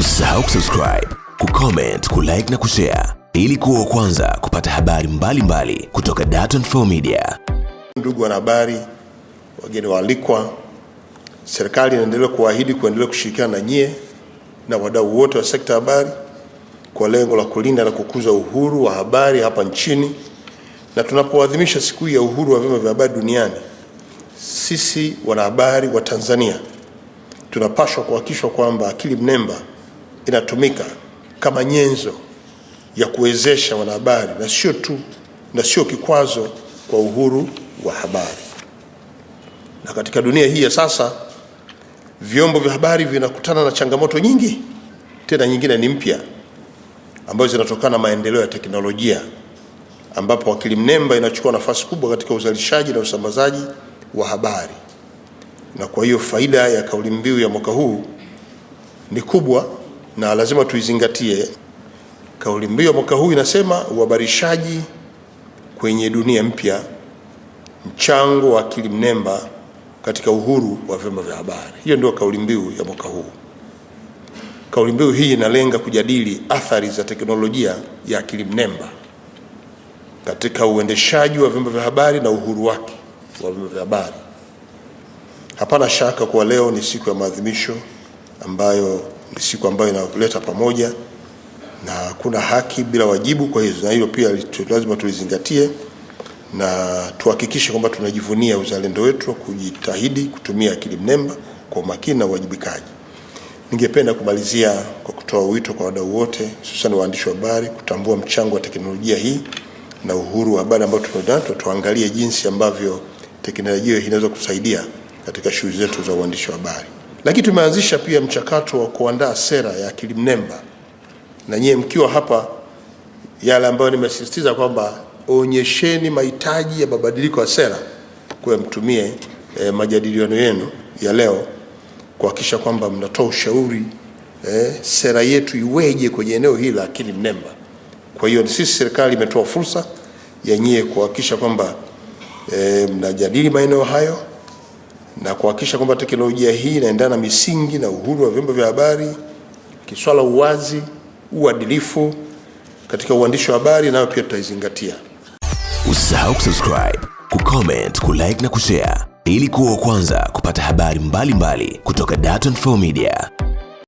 Usisahau kusubscribe, kucomment, kulike na kushare ili kuwa kwanza kupata habari mbalimbali mbali kutoka Dar24 Media. Ndugu wanahabari, wageni waalikwa, serikali inaendelea kuahidi kuendelea kushirikiana na nyie na wadau wote wa sekta ya habari kwa lengo la kulinda na kukuza uhuru wa habari hapa nchini. Na tunapoadhimisha siku hii ya uhuru wa vyombo vya habari duniani, sisi wanahabari wa Tanzania tunapaswa kuhakikishwa kwamba akili mnemba inatumika kama nyenzo ya kuwezesha wanahabari na sio tu na sio kikwazo kwa uhuru wa habari. Na katika dunia hii ya sasa, vyombo vya habari vinakutana na changamoto nyingi, tena nyingine ni mpya, ambazo zinatokana na maendeleo ya teknolojia, ambapo akili mnemba inachukua nafasi kubwa katika uzalishaji na usambazaji wa habari. Na kwa hiyo faida ya kauli mbiu ya mwaka huu ni kubwa na lazima tuizingatie. Kauli mbiu ya mwaka huu inasema uhabarishaji kwenye dunia mpya, mchango wa akili mnemba katika uhuru wa vyombo vya habari. Hiyo ndio kauli mbiu ya mwaka huu. Kauli mbiu hii inalenga kujadili athari za teknolojia ya akili mnemba katika uendeshaji wa vyombo vya habari na uhuru wake wa vyombo vya habari. Hapana shaka kuwa leo ni siku ya maadhimisho ambayo ni siku ambayo inaleta pamoja na hakuna haki bila wajibu. Kwa hiyo na hilo pia lazima tulizingatie na tuhakikishe kwamba tunajivunia uzalendo wetu kujitahidi kutumia akili mnemba kwa umakini na uwajibikaji. Ningependa kumalizia kwa kutoa wito kwa wadau wote, hususan waandishi wa habari kutambua mchango wa teknolojia hii na uhuru wa habari ambao tunao, tuangalie jinsi ambavyo teknolojia hii inaweza kusaidia katika shughuli zetu za uandishi wa habari. Lakini tumeanzisha pia mchakato wa kuandaa sera ya akili mnemba, na nyie mkiwa hapa, yale ambayo nimesisitiza kwamba onyesheni mahitaji ya mabadiliko ya sera, kwa mtumie e, majadiliano yenu ya leo kuhakikisha kwamba mnatoa ushauri e, sera yetu iweje kwenye eneo hili la akili mnemba. Kwa hiyo sisi serikali imetoa fursa ya nyie kuhakikisha kwamba e, mnajadili maeneo hayo na kuhakikisha kwamba teknolojia hii inaendana na misingi na uhuru wa vyombo vya habari, kiswala uwazi, uadilifu katika uandishi wa habari, nayo pia tutaizingatia. Usisahau kusubscribe, kucomment, kulike na kushare ili kuwa wa kwanza kupata habari mbalimbali mbali kutoka Dar24 Media.